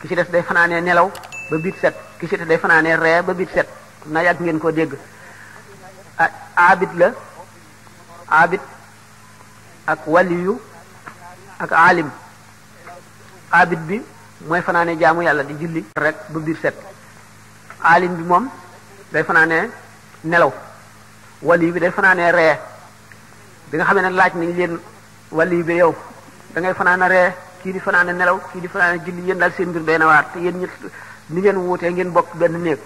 ki ci des day fanaanee nelaw ba biit set ki ci des day fanaanee ree ba biit set na yàgg ngeen koo dégg abid la abit ak waliyu ak alim abit bi mooy fanaane jaamu yàlla di julli rek ba biir set alim bi moom day fanaane nelaw waliyu bi day fanaane ree bi nga xamee ne laaj nañ leen waliyu bi yow da ngay fanaane ree kii di fanaane nelaw kii di fanaane julli yéen daal seen mbir doy na waar te yéen ñi ni ngeen wuutee ngeen bokk benn néeg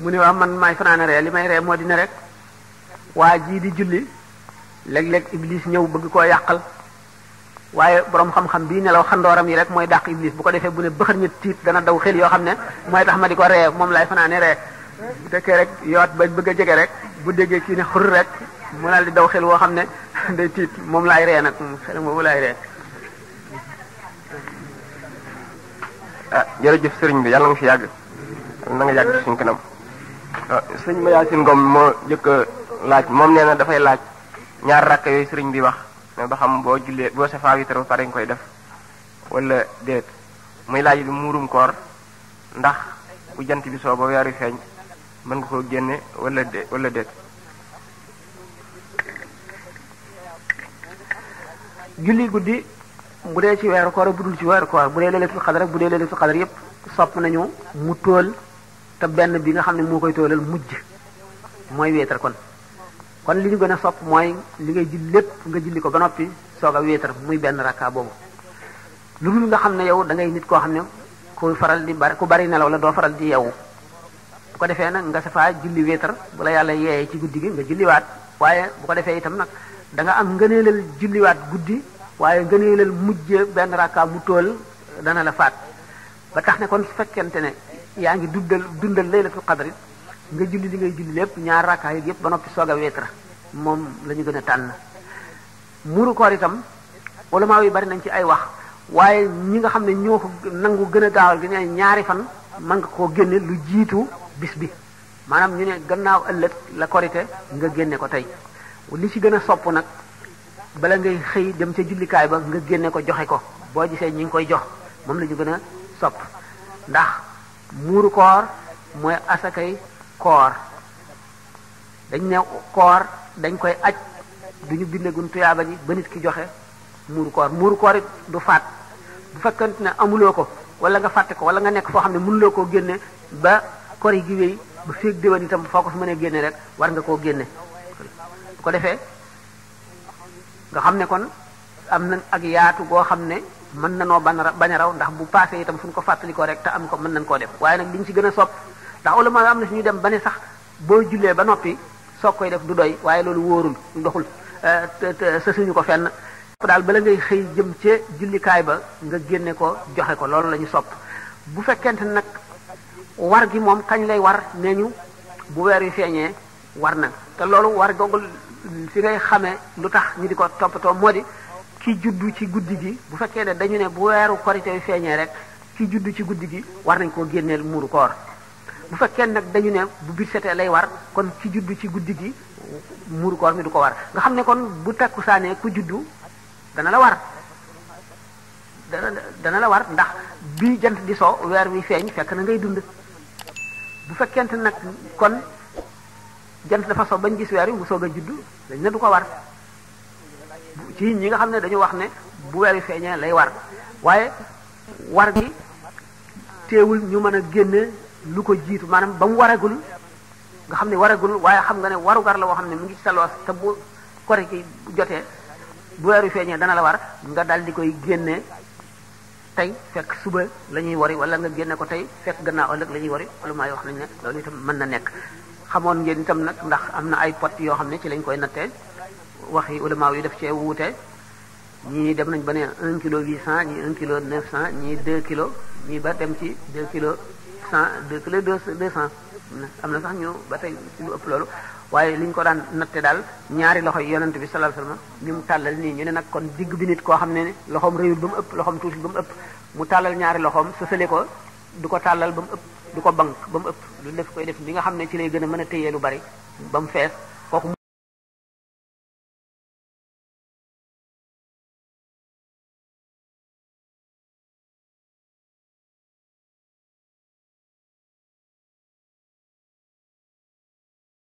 mu ne waaw man maay fanaane ree li may ree moo dina rek waa jii di julli léeg-léeg iblis ñëw bëgg koo yàqal waaye borom xam-xam bii nelaw xandooram yi rek mooy dàq iblis bu ko defee bu ne bëxër ña tiit dana daw xel yoo xam ne mooy tax ma di ko ree moom lay fanaane ree bu rek yoot ba bëgg a jege rek bu déggee kii ne xur rek mu daal di daw xel woo xam ne day tiit moom laay ree nag moom xel laay ree ah jërëjëf sëriñ bi yàlla nga fi yàgg na nga yàgg suñ kanam ah, sëñ ma yaasin ngom moo jëkk laaj moom nee na dafay laaj ñaar rakk yooyu sëriñ bi wax ne ba xam boo jullee boo safaa witr ba pare nga koy def wala déet muy laaj bi muurum koor ndax bu jant bi soo ba weeru feeñ mën nga koo génne wala dé wala déet julli guddi bu dee ci weeru koor bu dul ci weeru koor bu dee leelatul xadar bu dee leelatul xadar yépp sopp nañu mu tóol te benn bi nga xam ne moo koy tóolal mujj mooy wéetar kon kon li ñu gën a sopp mooy li ngay julli lépp nga julli ko ba noppi soog a wéetar muy benn rakka boobu lu dul nga xam ne yow da ngay nit koo xam ne ku faral di bari ku bari nelaw la doo faral di yow bu ko defee nag nga safaa julli wéetar bu la yàlla yeeyee ci guddi gi nga julliwaat waaye bu ko defee itam nag da nga am ngëneelal julliwaat guddi waaye ngëneelal mujje benn rakka mu tool dana la faat ba tax ne kon su fekkente ne yaa ngi dundal dundal laylatul qadri nga julli li ngay julli lépp ñaari rakka yi yëpp ba noppi soog a wetra moom la ñu gën a tànn muru koor itam ulama yi bari nañ ci ay wax waaye ñi nga xam ne ñoo ko nangu gën a gaawal gi ne ñaari fan mën nga koo génne lu jiitu bis bi maanaam ñu ne gannaaw ëllëg la korite nga génne ko tey li ci gën a sopp nag bala ngay xëy dem ca jullikaay ba nga génne ko joxe ko boo gisee ñu ngi koy jox moom lañu gën a sopp ndax muuru koor mooy asakay koor dañ ne koor dañ koy aj du ñu bindegun tuyaaba ji ba nit ki joxe muuru koor muuru koor du faat bu fekkante ne amuloo ko wala nga fàtte ko wala nga nekk foo xam ne mënuloo koo génne ba kor yi gi wéy ba féeg déwén itam foo ko fi mënee génne rek war nga koo génne bu ko defee nga xam ne kon am nañ ak yaatu goo xam ne mën nanoo ban bañ a raw ndax bu passé itam fu ñu ko fàttalikoo rek te am ko mën nañ koo def waaye nag liñ ci gën a sopp ndax ulama am na suñu dem ba ne sax boo jullee ba noppi soo koy def du doy waaye loolu wóorul doxul eh, sa suñu ko fenn daal bala ngay xëy jëm ca jullikaay ba nga génne ko joxe ko loolu la sopp bu fekkente nag war gi moom kañ lay war nee ñu bu weer wi feeñee war na te loolu war gogul fi ngay xamee lu tax ñu di ko toppatoo moo di ki juddu ci guddi gi bu fekkee ne dañu ne bu weeru korite yu feeñee rek ki juddu ci guddi gi war nañ koo génneel muuru koor bu fekkee nag dañu ne bu biir setee lay war kon ki juddu ci guddi gi muuru koor mi du ko war nga xam ne kon bu takku saanee ku juddu dana la war dana dana la war ndax bi jant di soo weer wi feeñ fekk na ngay dund bu fekkente nag kon jant dafa so bañ gis weer wi mu soog a juddu dañ ne du ko war ci ñi nga xam ne dañu wax ne bu weer wi feeñee lay war waaye war gi teewul ñu mën a génne lu ko jiitu maanaam ba mu waragul nga xam ne waragul waaye xam nga ne warugar la woo xam ne mu ngi ci sa loos te bu kori ki jotee bu weer wi feeñee dana la war nga dal di koy génne tey fekk suba la ñuy wari wala nga génne ko tey fekk gannaaw ëllëg la ñuy wari ulumaa yi wax nañu ne loolu itam mën na nekk xamoon ngeen itam nag ndax am na ay pot yoo xam ne ci lañ koy wax yi ulama yi def cee wuute ñi dem nañ ba ne un kilo huit cent ñi un kilo neuf cent ñii deux kilo ñii ba dem ci deux kilo cent deux kilo deux cent am na sax ñu ba tey ci lu ëpp loolu waaye li ko daan natte daal ñaari loxo yi bi sallallahu alayhi wasallam ñu mu tàllal nii ñu ne nag kon digg bi nit koo xam ne ne loxoom réyul ba mu ëpp loxoom tuuti ba mu ëpp mu tàllal ñaari loxoom sësale ko du ko tàllal ba mu ëpp du ko bank ba mu ëpp lu def koy def bi nga xam ne ci lay gën a mën a téye lu bari ba mu fees